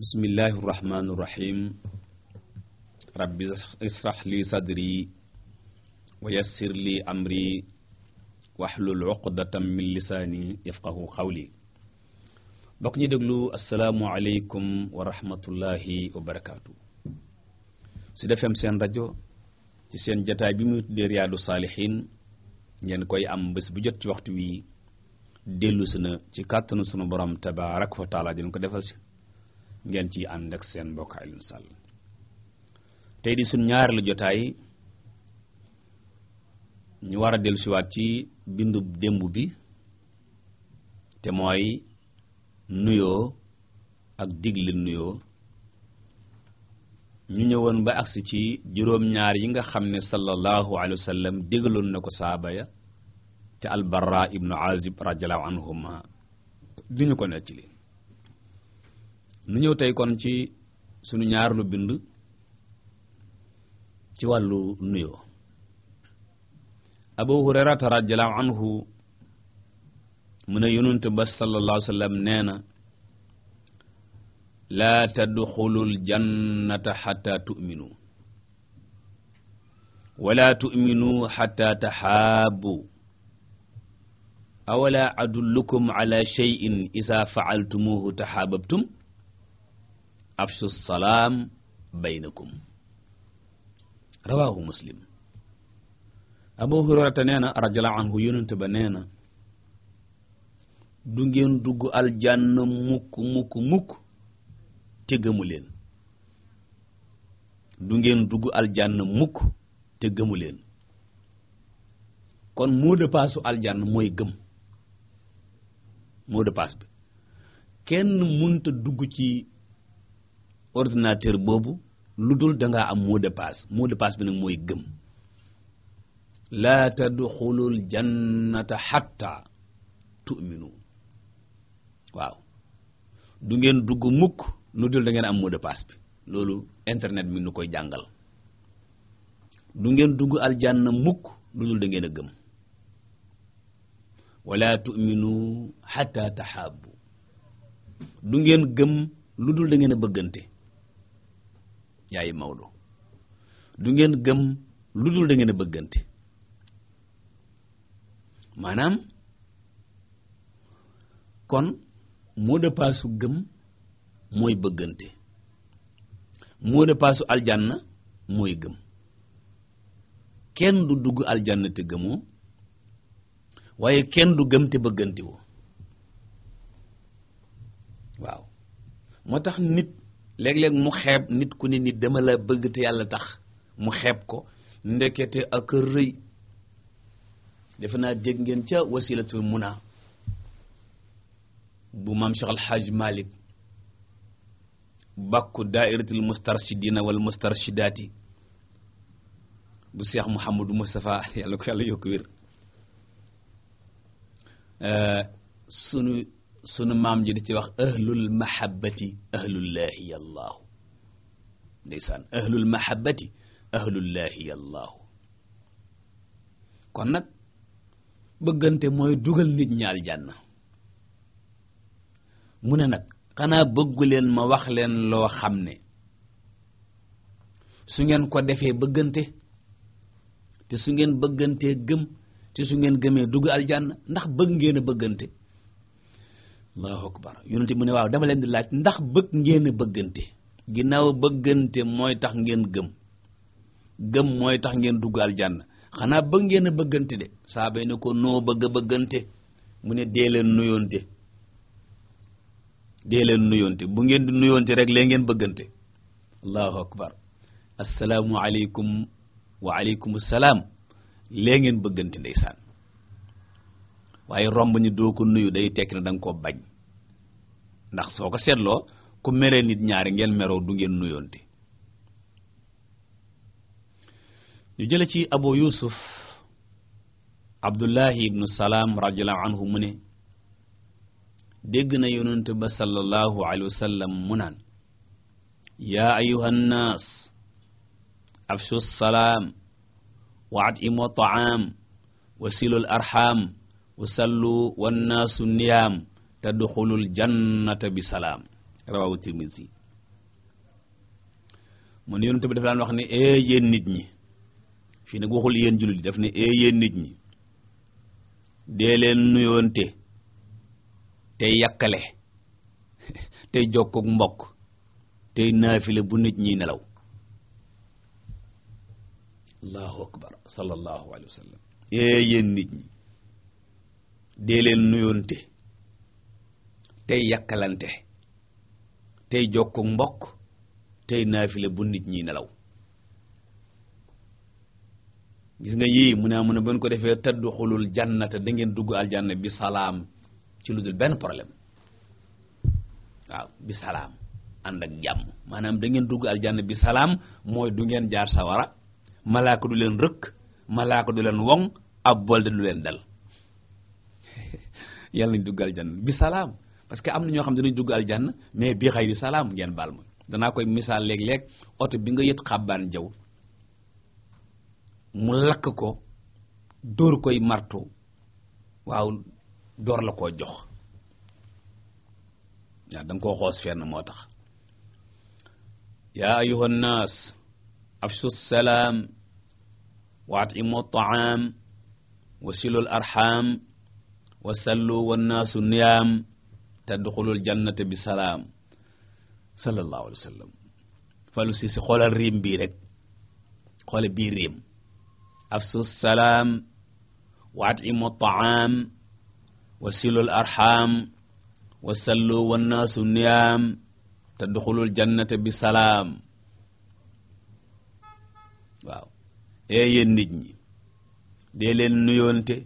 bismillahi irrahmani irrahim rabbi israh li sadri wa yassir li amri waxlul uqdatam min lisaani yafqahu xawli bokk ñi déglu asalaamualeykum wa rahmatullahi wa su defem seen rajo ci seen jataay bi muy tuddee riyaadu saalihin ngeen koy am bés bu jot ci waxtu wi dellu si na ci kàttanu sunu borom tabaaraka wa taala ko defal si ngeen ci ànd ak seen mbokk Alioune Sall tey di suñ ñaareelu jotaay ñu war a dellusiwaat ci bindu démb bi te mooy nuyoo ak digle nuyoo ñu ñëwoon ba agsi ci juróom-ñaar yi nga xam ne sallallahu alayhi wa sallam na ko saaba ya te al-Barra ibnu Azib radiyallahu anhuma duñu ko nettali nu ñëw tey kon ci sunu ñaarlu lu bind ci wàllu nuyoo abu hurairata radiallahu anhu mu ne yonent ba sallallahu alayhi wa sallam nee na laa tadxulul jannata wala tu'minu xata taxaabu awala adullukum ala shay'in isa fa'altumuhu taxaababtum afshu salaam baynakum rawaahu muslim abu hurayrata nee na radiyallahu anhu yonent ba nee du ngeen dugg aljanna mukk mukk mukk te gëmu leen du ngeen dugg aljanna mukk te gëmu leen kon mot de passe mooy gëm mot de bi kenn mënta dugg ci ordinateur boobu lu dul dangaa am mot de passe mot passe bi nag mooy gëm laa tadxulul jannata xatta tu'minu waaw du ngeen dugg mukk lu dul da ngeen am mot de passe bi loolu internet mi nu koy jàngal du ngeen dugg aljanna mukk lu dul da ngeen a gëm wala tu'minu xatta taxaabu du ngeen gëm lu dul da ngeen a bëggante yaay Maodo du ngeen gëm lu dul da ngeen a bëggante maanaam kon mot de passe gëm mooy bëggante mot de passe aljanna mooy gëm kenn du dugg aljanna te gëmoo waaye kenn du gëm te bëggante waaw moo tax nit léeg-léeg mu xeeb nit ku ne ni dama la bëgg te yàlla tax mu xeeb ko ndekete ak rëy defe naa dégg ngeen ca wasilatul muna bu maam Cheikh Al Hadj Malick bàkku daairatul mustarshidina wal mustarshidaati bu Cheikh Mouhamadou Moustapha yàlla ko yàlla yokk wér euh, sunu sunu maam ji di ci wax ahlul mahabbati ahlullaahi yallaahu ndeysaan ahlul mahabbati ahlullaahi yallaahu kon nag bëggante mooy dugal nit ñaal jànn mu ne nag xanaa bëggu ma wax leen loo xam ne su ngeen ko defee bëggante te su ngeen bëggantee gëm te su ngeen gëmee dugg aljanna ndax bëgg ngeen a bëggante allahu akbar yonent bi ne waaw dama leen di laaj ndax bëgg ngeen bëggante ginnaaw bëggante mooy tax ngeen gëm gëm mooy tax ngeen dugg aljanna xanaa bëgg ngeen bëggante de saabay ne ko noo bëgg bëggante mu ne dee leen nuyoonte dee leen nuyoonte bu ngeen di nuyoonte rek lee ngeen bëggante allahu akbar asalaamu aleykum wa aleykum salaam lee ngeen bëggante ndeysaan waaye romb ni doo ko nuyu day tekki ne da nga koo bañ ndax soo ko seetloo ku meree nit ñaari ngeen meroo du ngeen nuyoonte ñu jële ci abu yusuf abdullahi ibnu salaam radiallahu anhu mu ne dégg na yonent ba sallallahu alayhi wa sallam mu naan yaa ayuha nnaas afshu salaam wa atimu taam wa silul arxam usallu wannaasu niyaam tadxulul jannata bi salaam rawahu tirmisi mu ne bi dafa daan wax ne ee yéen nit ñi fii nag waxul yéen jullit yi daf ne ee yéen nit ñi dee leen nuyoonte tey yàkkale tey jokkook mbokk tey naafile bu nit ñiy nelaw allahu akbar sallallahu alayhi wa sallam ee nit ñi dee leen nuyoonte tey yàkkalante tey jokkook mbokk tey naafile bu nit ñi nelaw gis nga yii mu ne ah mu ne bu ko defee tadduxulul jannata da ngeen dugg aljanna bi salaam ci lu dul benn problème waaw bi salaam ànd ak jàmm maanaam dangeen ngeen dugg aljanna bi salaam mooy du ngeen jaar sawara malaaka du leen rëkk malaaka du leen woŋ ab bolde du leen dal yàlla nañ dugg aljanna bi salaam parce que am na ñoo xam ne dinañ dugg aljanna mais bi xayri salaam ngeen baal ma danaa koy misaal léeg-léeg oto bi nga yët xàbbaan jaw mu lakk ko dóor koy marto waaw door la koo jox waaw da nga koo xoos fenn moo tax yaa ayuha nnaas afshu salaam wa atimu taam wa silul wa sallu wannaasu niyaam tadxulul jannata bi salaam sallallahu alayhi wa sallam falu si si xoolal riim bii rek xoole bii riim afsu salaam wa atimu taam wa silul arxaam wa sallu wannaasu niyaam tadxulul jannata bi salaam waaw ee yéen nit ñi dee leen nuyoonte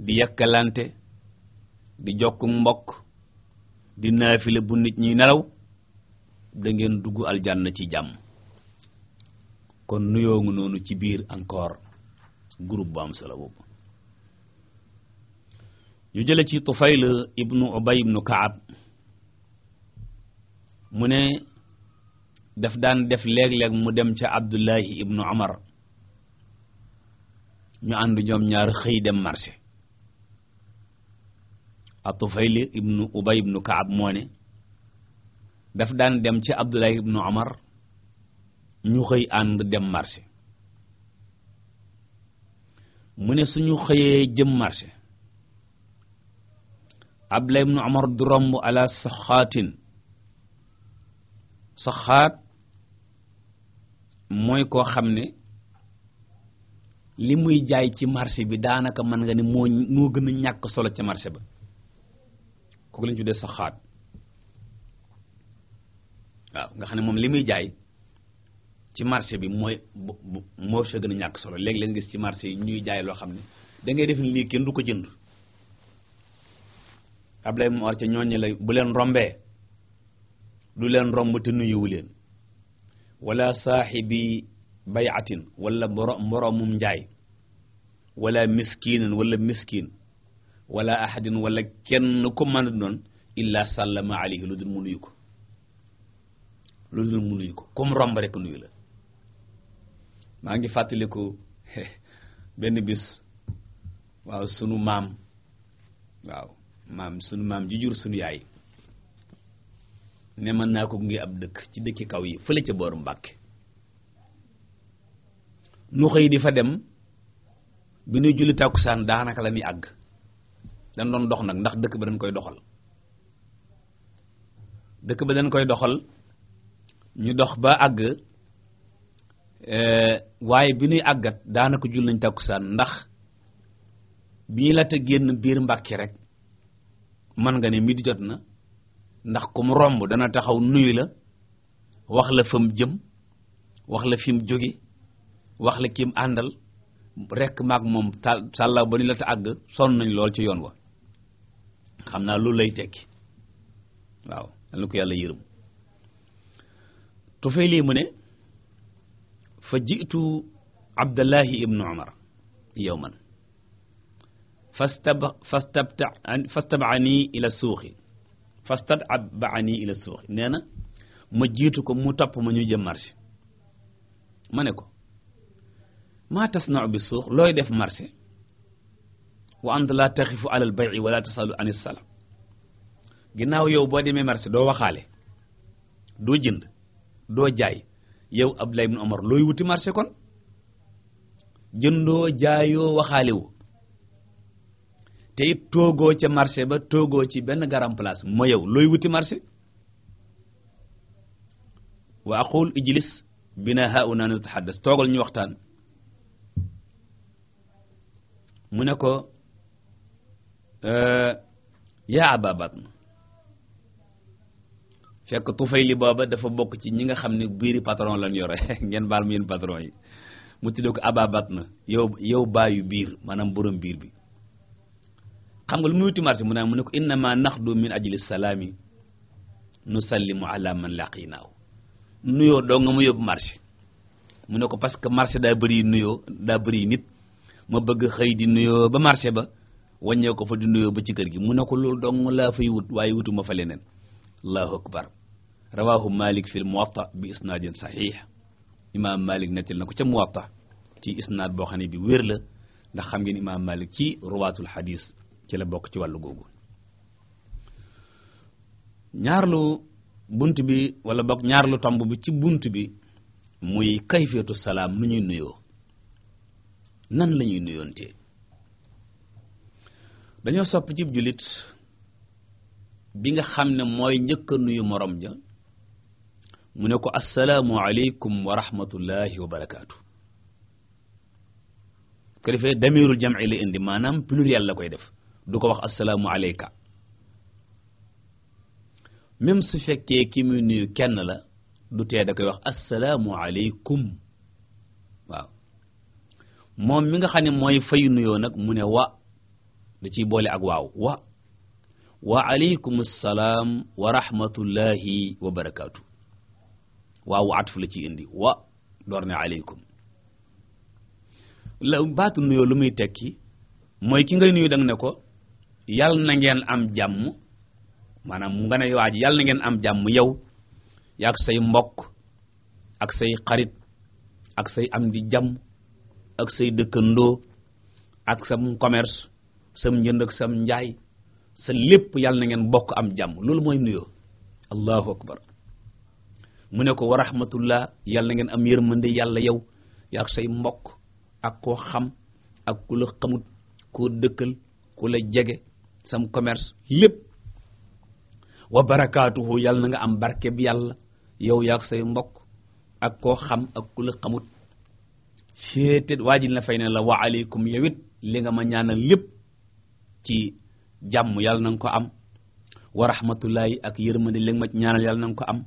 di yakkalante di jokk mbokk di naafile bu nit ñi nelaw dangeen ngeen dugg aljanna ci jàmm kon nuyoo ngi noonu ci biir encore groupe bu am solo boobu ñu jële ci Tufayl ibnu Ubay ibnu Kaab mu ne daf daan def léeg-léeg mu dem ca Abdullahi ibnu Umar ñu ànd ñoom ñaar xëy dem marché Atufayli ibnu Ubay ibnu Kaab moo ne daf daan dem ci Abdullahi ibnu Omar ñu xëy ànd dem marché mu ne suñu xëyee jëm marché Abdullahi ibnu Omar du romb ala saxaatin saxaat mooy koo xam ne li muy jaay ci marché bi daanaka mën nga ne moo moo gën a ñàkk solo ca marché ba kooku lañu tuddee saxaat waaw nga xam ne moom li muy jaay ci marché bi mooy moo sa gën a ñàkk solo léegi lañ gis ci marché yi ñuy jaay loo xam ne dangay def ni lii kenn du ko jënd Ablaye Mor ca ñooñu la bu leen rombee du leen romb te nuyuwu leen wala saaxibi bayatin walla boro mboromum njaay wala miskinan wala miskin wala ahadin wala kenn ko mën a doon illa sallama alayhi lu dul mu nuyu ko lu dul mu nuyu ko comme romb rek nuyu la maa ngi fàttaliku benn bis waaw sunu maam waaw maam sunu maam ji jur sunu yaay ne mën naa ko ngi ab dëkk ci dëkki kaw yi fële ca booru Mbàkke nu xëy di fa dem bi nuy julli tàkkusaan daanaka la ñuy àgg dañ doon dox nag ndax dëkk ba dañ koy doxal dëkk ba dañ koy doxal ñu dox ba àgg eh, waaye bi ñuy àggat daanaka jul nañ tàkkusaan ndax bi ñu la génn biir Mbàkke rek man nga ne di jot na ndax ko mu romb dana taxaw nuyu la wax la fa jëm wax la fi mu jóge wax la ki mu àndal rekk maag moom tal ba ñu la àgg sonn nañ lool ci yoon wa xam naa loolu lay tekki waaw yal na ko yàlla yërëm mu ne fa jiitu Abdallahi ibnu Umar yawman fastab fastabani ila suuxi fastadabani ila suuxi nee na ma jiitu ko mu tapp ma ñu jëm marché ma ne ko maa tasna'u bi suux looy def marché wa anta laa taxifu alal bay'i wala tasalu anis salam ginnaaw yow boo demee marché doo waxaale doo jënd doo jaay yow Abdullah ibn Umar looy wuti marché kon jëndoo jaayoo waxaale wu te toogoo ca marché ba toogoo ci benn garam place ma yow looy wuti marché wa aqul ijlis bina hauna natahaddas toogal ñu waxtaan mu ne ko yaa aba batn fekk tufayli booba dafa bokk ci ñi nga xam ne biiri patron lañ yore ngeen baal mu yéen patron yi mu tuddee ko aba batn yow yow baayu biir maanaam borom biir bi xam nga lu muy wuti marché mu ne ko mu ne ko innama naxdu min ajli salaami nusallimu ala man laqinaaw nuyoo doo nga mu yóbbu marché mu ne ko parce que marché daa bëri nuyoo daa bëri nit ma bëgg xëy di nuyoo ba marché ba waññee ko fa di nuyoo ba ci kër gi mu ne ko loolu dong laa fay wut waaye wutuma fa leneen allahu akbar rawahu malik fil muwatta bi isnaadin saxiix imaam malik nettil na ko ca muwatta ci isnaad boo xam ne bi wér la ndax xam ngeen imaam malik ci ruwaatul xadiis ci la bokk ci wàllu googu ñaarlu bunt bi wala bokk ñaarlu tomb bi ci bunt bi muy kayfiyatu salaam nu ñuy nuyoo nan lañuy ñuy nuyoontee dañoo sopp cib jullit bi nga xam ne mooy njëkk nuyu moroom ja mu ne ko assalaamu aleykum wa rahmatullahi wa barakaatu ko defee damirul la indi maanaam pluriel la koy def du ko wax assalaamu aleyka même su fekkee ki muy nuyu kenn la du tee da koy wax assalaamu aleykum waaw moom mi nga xam ne mooy fayu nuyoo nag mu ne wa da ciy boole ak waaw wa wa aleykum salaam wa rahmatullahi wa barakaatu waaw atfu la ci indi wa door ne aleykum la baatu nuyoo lu muy tekki mooy ki ngay nuyu danga ne ko yal na ngeen am jàmm maanaam mu nga ne waa ji yal na ngeen am jàmm yow yak say mbokk ak say xarit ak say am di jàmm ak say dëkkandoo ak sam commerce sam njënd ak sam njaay sa lépp yàlla na ngeen bokk am jàmm loolu mooy nuyoo allahu akbar mu ne ko wa rahmatullah yàlla na ngeen am yërmande yàlla yow yaa say mbokk ak koo xam ak ku la xamut koo jege sam commerce lépp wa barakaatuhu na nga am barke yàlla yow yaa say mbokk ak koo xam ak ku la xamut seetet waa ji la fay ne la wa aleykum yow li nga ma ñaanal lépp ci jàmm yàlla na nga ko am wa rahmatullahi ak yërmande li ma ci ñaanal yàlla na nga ko am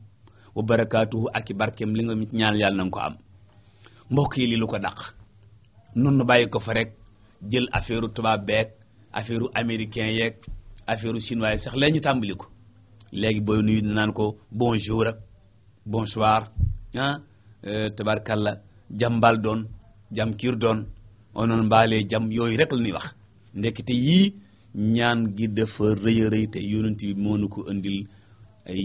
wa barakaatuhu ak i barkeem li nga ma ci ñaanal yàlla na ko am mbokk yi li lu ko dàq nun nu bàyyi ko fa rek jël affaire tubaab beeg affaire américain yeeg affaire chinois sax léegi ñu tàmbali ko léegi booy nuyu naan ko bonjour ak bonsoir ah euh, tabarkalla jam mbaal doon jam kiir doon onoon mbaalee jam yooyu rek la ñuy wax ndekete yii ñaan gi dafa rëy a rëy te yonent bi moo nu ko indil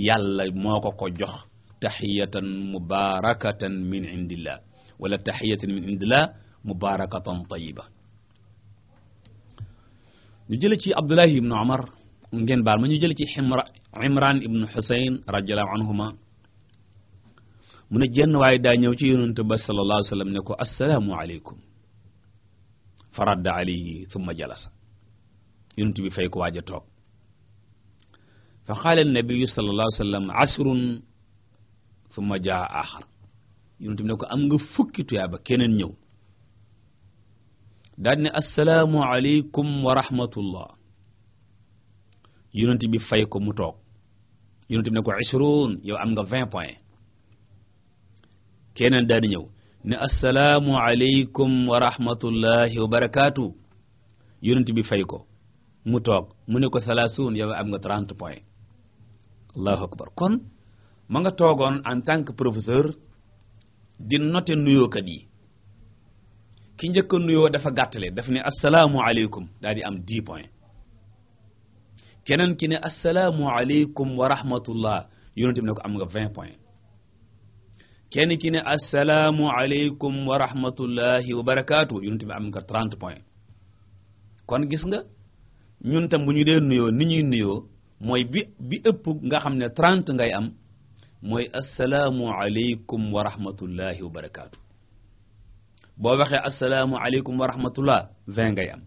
yàlla moo ko ko jox taxiyatan mubarakatan min indillah wala taxiyatan min indillah mubarakatan tayiba ñu jële ci abdullahi ibnu umar ngeen baal ma ñu jële ci imra imran ibnu xusayn radiallahu anhuma mu ne jenn waaye daa ñëw ci yonent ba sallallahu alayhi wa sallam ne ko assalaamu aleykum fa radda alayhi thumma jalasa yonent bi fayko ko toog fa qaala nabiyu sallallahu asrun thumma jaa axar yonent bi ne ko am nga fukki tuyaaba keneen ñëw daal ne assalaamu aleykum wa rahmatullah yonent bi fay ko mu toog yonent bi ne ko ishrun yow am nga vingt points keneen daal di ñëw ne assalaamu aleykum wa rahmatullahi wa bi fay ko mu toog mu ne ko salaasuun yow am nga 30 points allahu akbar kon ma nga toogoon en tant que professeur di nuyoo nuyookat yi ki njëkk a nuyoo dafa gàttale daf ne assalaamu aleykum daal di am 10 points keneen ki ne assalaamu aleykum wa rahmatullah yonente bi ne ko am nga 20 points kenn ki ne assalaamu aleykum wa rahmatullahi wa barakaatu yonente bi am nga 30 points kon gis nga ñun tam bu ñu dee nuyoo ni ñuy nuyoo mooy bi bi ëpp nga xam ne trente ngay am mooy asalaamu aleykum wa rahmatullahi wa barakaatu boo waxee assalaamu aleykum wa rahmatullah vingt ngay am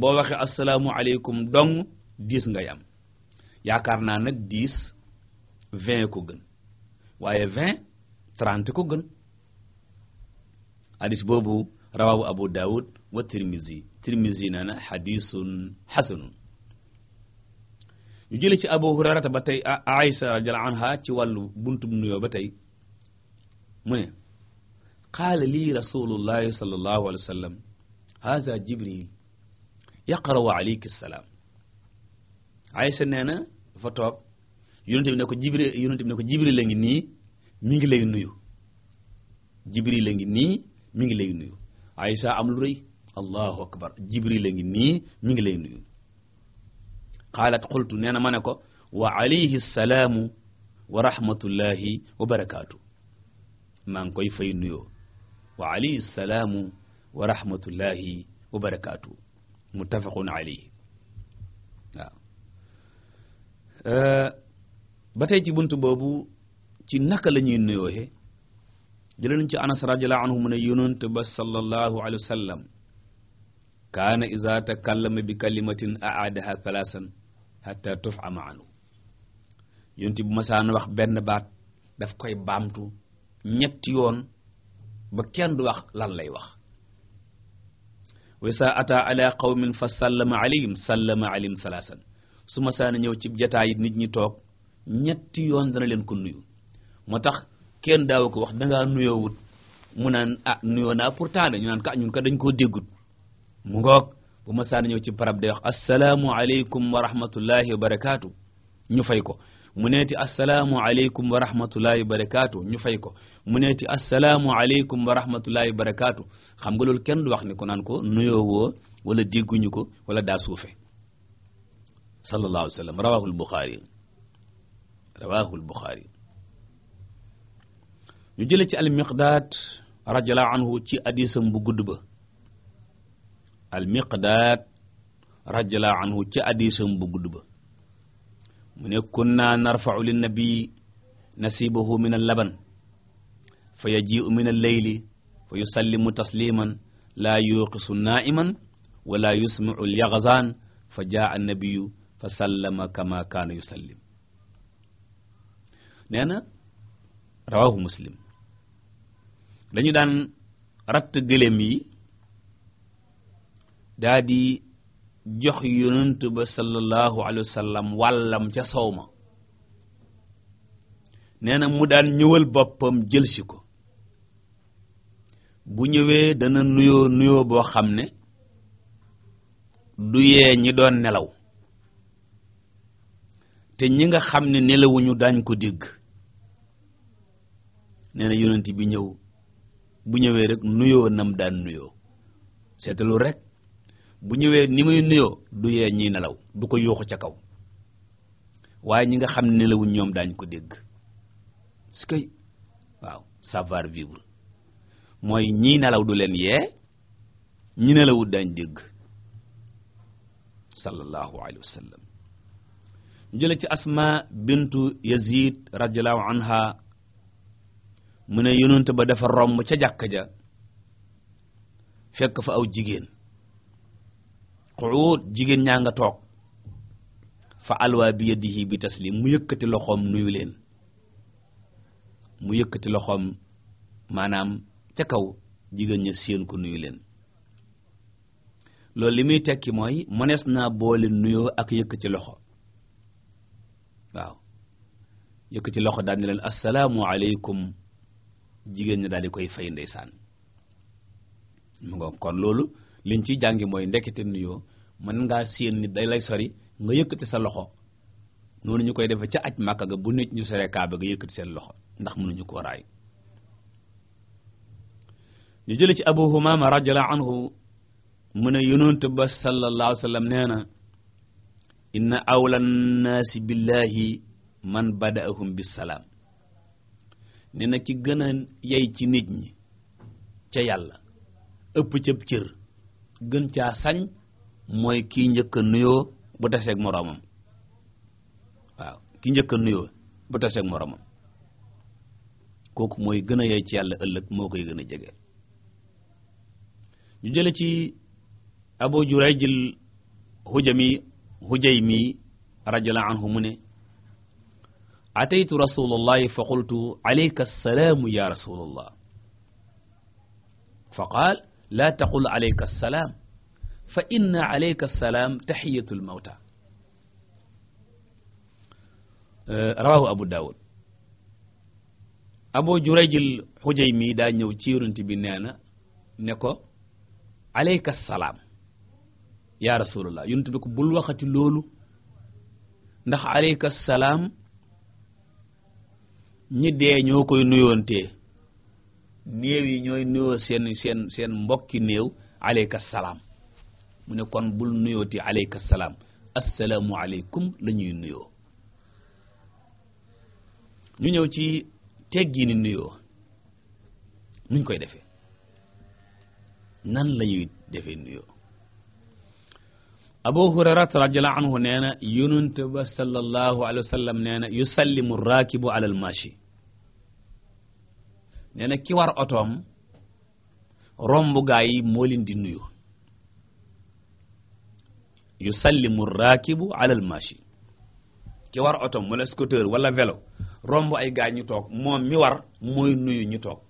boo waxee asalaamu aleykum dong dix ngay am yaakaar naa nag dix vingt ko gën waaye vingt trente ko gën hadis boobu rawahu abu daawud wa tirmizi tirmisi nee na xadisun xasanun ñu jële ci abu hurayrata ba tey aisha radiyallahu ci wàllu buntu bu nuyoo ba tey mu ne qaala lii rasulullahi sallallahu alayhi wa sallam haza jibril yaqra'u alayki salaam aisha nee na dafa toog yonente bi ne ko jibril yonente bi ne ko jibril la ngi nii mi ngi lay nuyu jibril la nii mi ngi lay nuyu am lu rëy allahu akbar jibril a nii mi ngi lay nuyu xaalat xultu nee na ma ne ko wa alayhi salaamu wa rahmatullahi wa barakaatu maa ngi koy fay nuyoo wa alayhi salaamu wa rahmatullahi wa barakaatu muttafaqun alayhi waaw buntu boobu ci naka la ñuy nuyooxe jëlee nañ ci anas radiyallahu anhu mu ne yonent ba sallallahu alayhi wa sallam kaana iza takallama bi kalimatin aadaha thalathan hatta tuf'ama anhu yonti bu masaan wax benn baat daf koy baamtu ñetti yoon ba kenn du wax lan lay wax wa sa ata ala qawmin fa sallama alayhim sallama alayhim thalathan su masaana ñëw ci jataay nit ñi toog ñetti yoon dana leen ko nuyu moo tax kenn daaw ko wax dangaa nuyoo wut mu naan ah nuyoo naa pourtant ñu naan ka ñun ka dañ mu ngoog bu ma saan ñëw ci barab day wax assalaamu aleykum wa rahmatullahi wa barakaatu ñu fay ko mu neeti assalaamu aleykum wa rahmatullahi wa barakaatu ñu fay ko mu neeti assalaamu aleykum wa rahmatullahi xam nga loolu kenn du wax ni ko naan ko nuyoowoo woo wala dégguñu ko wala daa suufe sallallahu alayhi ñu jële ci al miqdaad anhu ci hadiisam bu gudd ba almiqdaad radiallahu anhu ca addisam bu gudd ba mu ne kunna narfa'u lin nabi nasibahu min al-laban fa yaji'u min al-layli fa yusallimu tasliman la yuqisu na'iman wa la yusmi'u al-yaghzan fa jaa an-nabiyyu fa sallama kama kaana yusallim nee na rawahu muslim dañu daan ratt gëléem yi daa jox yonent ba sallallahu alayhi wa sallam wàllam ca soow ma neena mu daan ñëwal boppam jël si ko bu ñëwee dana nuyoo nuyoo boo xam ne du yee ñi doon nelaw te ñi nga xam ne nelawuñu daañ ko digg nee na yonent bi ñëw bu ñëwee rekk nuyoo nam daan nuyoo seetalu rekk bu ñëwee ni muy nuyoo du yee ñiy nelaw du ko yuuxu ca kaw waaye ñi nga xam ne nelawuñ ñoom daañ ko dégg su koy waaw savoir vivre mooy ñii nelaw du leen yee ñi nelawut daañ dégg sallallahu alayhi wa sallam ci asma bintu yazid radiallahu anha mu ne yonent ba dafa romb ca jàkka ja fekk fa aw jigéen qu'ud jigéen ñaa nga toog fa alwaa bi yadihi bi taslim mu yëkkati loxoom nuyu leen mu yëkkati loxoom maanaam ca kaw jigéen ña séen ko nuyu leen loolu li muy tekki mooy mënees naa boole nuyoo ak yëkkati loxo waaw yëkkati loxo daal ne leen assalaamu aleykum jigéen ña daal di koy fay ndeysaan mu nga kon loolu liñ ciy jàngi mooy ndekete nuyoo mën ngaa séen ni day lay sori nga yëkkati sa loxo noonu ñu koy defee ca aj màkka ga bu nit ñu sore kaaba ga yëkkati seen loxo ndax mënuñu ko raay ñu jële ci abu humama radiyallahu anhu mu ne yonent ba sallallahu alayhi wa sallam nee na inna awla nnaasi billahi man bada'ahum bisalaam nee na ki gën a yey ci nit ñi ca yàlla ëpp ca cër gën caa sañ mooy ki njëkk a nuyoo bu taseeg moroomam waaw ki njëkk a nuyoo bu kooku mooy gën a yey ci yàlla ëllëg moo koy gën a jege ñu jële ci abu jurayjil hujami hujaymi radiyallahu anhu mu ne ataytu rasulallahi fa qultu alayka assalaamu ya rasulallah fa qaal laa taqul alayka assalaam fa inna alayka assalaam taxiyatul mawta rawahu abu daawud abu jurayjil xujay mi daa ñëw ci bi nee na ne ko alayka salaam ya rasulullah yonent bi ko bul waxati loolu ndax alayka assalaam ñi dee ñoo koy nuyoontee néew yi ñooy nuyoo seen seen seen mbokki néew aleyka salaam mu ne kon bul nuyooti aleyka salaam assalaamu aleykum la ñuy nuyoo ñu ñëw ci teggi ni nuyoo nuñ koy defe nan la ñuy defee nuyoo abu hurairata radiallahu anhu nee na yonent ba sallallahu alayhi wa sallam nee na yusallimu raakibu ala al maashi nee na ki war otoom romb gaa yi moo leen di nuyu yu yusallimu raakibu alal mashi ki war otoom wala scooter wala vélo romb ay gaa ñu toog moom mi war mooy nuyu ñu toog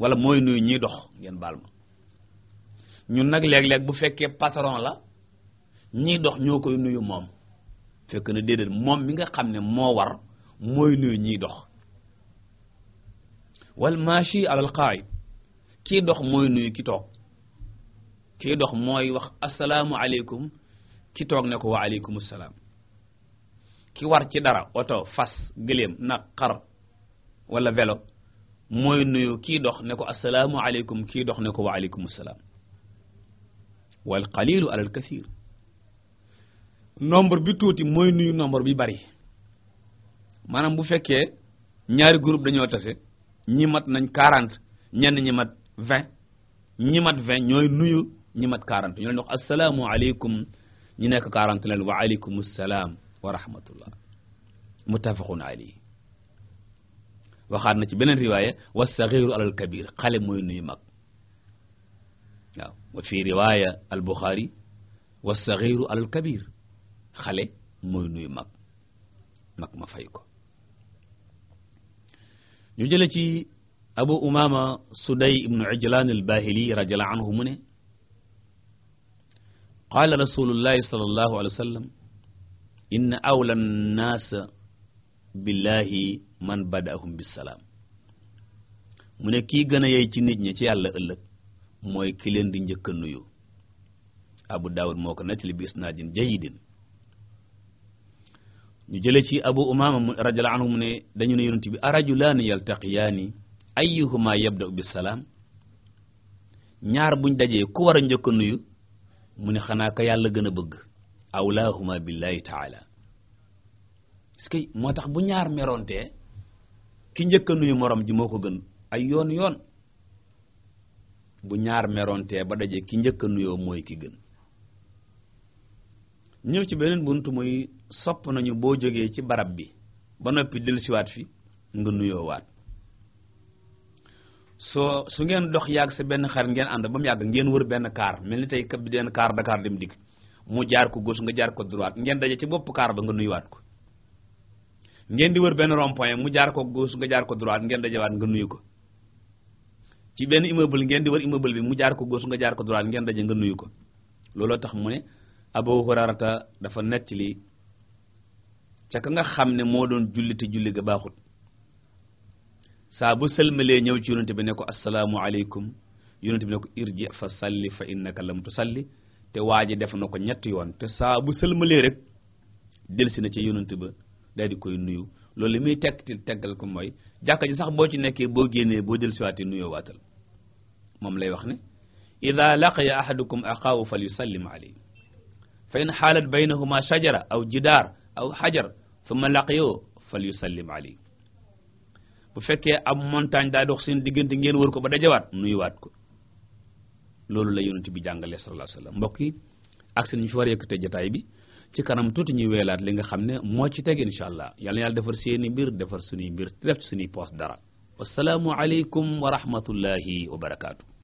walla mooy nuyu ñuy dox ngeen baal ma ñun nag léeg-léeg bu fekkee pataron la ñiy dox ñoo koy nuyu moom fekk na déedéet moom mi nga xam ne moo war mooy nuyu ñiy dox wal maashi alal qaa'id kii dox mooy nuyu ki toog kii dox mooy wax assalaamu aleykum ki toog ne ko wa aleykum salaam ki war ci dara oto fas gëléem nag xar wala vélo mooy nuyu kii dox ne ko asalaamu aleykum kii dox ne ko wa aleykum salaam wal qalilu alal kasiir nombre bi tuuti mooy nuyu nombre bi bari maanaam bu fekkee ñaari groupe dañoo tase ñi mat nañ 40 ñenn ñi mat 20 ñi mat 20 ñooy nuyu ñi mat 40 ñu leen wax assalaamu aleykum ñu nekk 40 leen wa salaam wa rahmatullah muttafaqun na ci beneen riwaaya wa saxiiru alal kabir nuyu mag waaw fi riwaaya al buxaari wa saxiiru alal nuyu mag ma fay ko ñu jële ci abu umama suday ibnu ijlan al bahili radiallahu anhu mu ne qaala rasulullahi sallallahu alayhi wa sallam inna awla naas billahi man bada'ahum bisalaam mu ne kii gën a yey ci nit ñi ci yàlla ëllëg mooy ki leen di njëkka nuyu abu daawud moo ko nettali bi isnaadin jayidin ñu jële ci abu umama radiyallahu anhu mu ne dañu ne yonent bi arajulaani yaltaqiyaani ayyuhuma yabda'u bisalaam ñaar buñ dajee ku war a njëkk a nuyu mu ne xanaa ko yàlla gën a bëgg awlaahuma billahi taala parce moo tax bu ñaar merontee ki njëkk nuyu morom ji moo ko gën ay yoon yoon bu ñaar merontee ba dajee ki njëkk nuyoo mooy ki gën ñëw ci beneen bunt muy sopp nañu boo jógee ci barab bi ba noppi siwaat fi nga nuyoo waat soo su ngeen dox yàgg sa benn xarit ngeen ànd ba mu yàgg ngeen wër benn kaar mel ni tey kab bi deen kaar Dakar dem dikk mu jaar ko goos nga jaar ko droite ngeen daje ci bopp kaar ba nga nuyuwaat ko ngeen di wër benn rond mu jaar ko gauche nga jaar ko droite ngeen dajewaat nga nuyu ko ci benn immeuble ngeen di wër immeuble bi mu jaar ko gauche nga jaar ko droite ngeen daje nga nuyu ko looloo tax mu ne abu hurayrata dafa nettali lii ka nga xam ne moo doon julli te julli ga baaxut saa bu sëlmalee ñëw ci yonent bi ne ko assalaamu aleykum yonent bi ne irji fa salli fa innaka lam tusalli te waa ji def na ko ñetti yoon te saa bu sëlmalee rek delsi na ci yonent ba daal di koy nuyu loolu li muy tekk teggal ko mooy jàkka ji sax boo ci nekkee boo génnee boo delsiwaatee nuyoo waatal moom lay wax ne ida laqiya ahadukum axaahu fal yusallim alayhi fa in xaalat baynahuma shajara aw jidaar aw xajar thumma laqiyoo fal yusallim alayhi bu fekkee ab montagne daa dox seen diggante ngeen war ko ba dajawaat nuyuwaat ko loolu la yonent bi jàngale sallallahu alayhi wasallam mbokk yi ak seen ñu fi war a yëkkate jotaay bi ci kanam tuuti ñuy weelaat li nga xam ne moo ci teg incha allah yal na yàlla defar seeni mbir defar suñuy mbir def ci suñuy poos dara wasalaamu aleykum wa rahmatullahi wa barakaatu.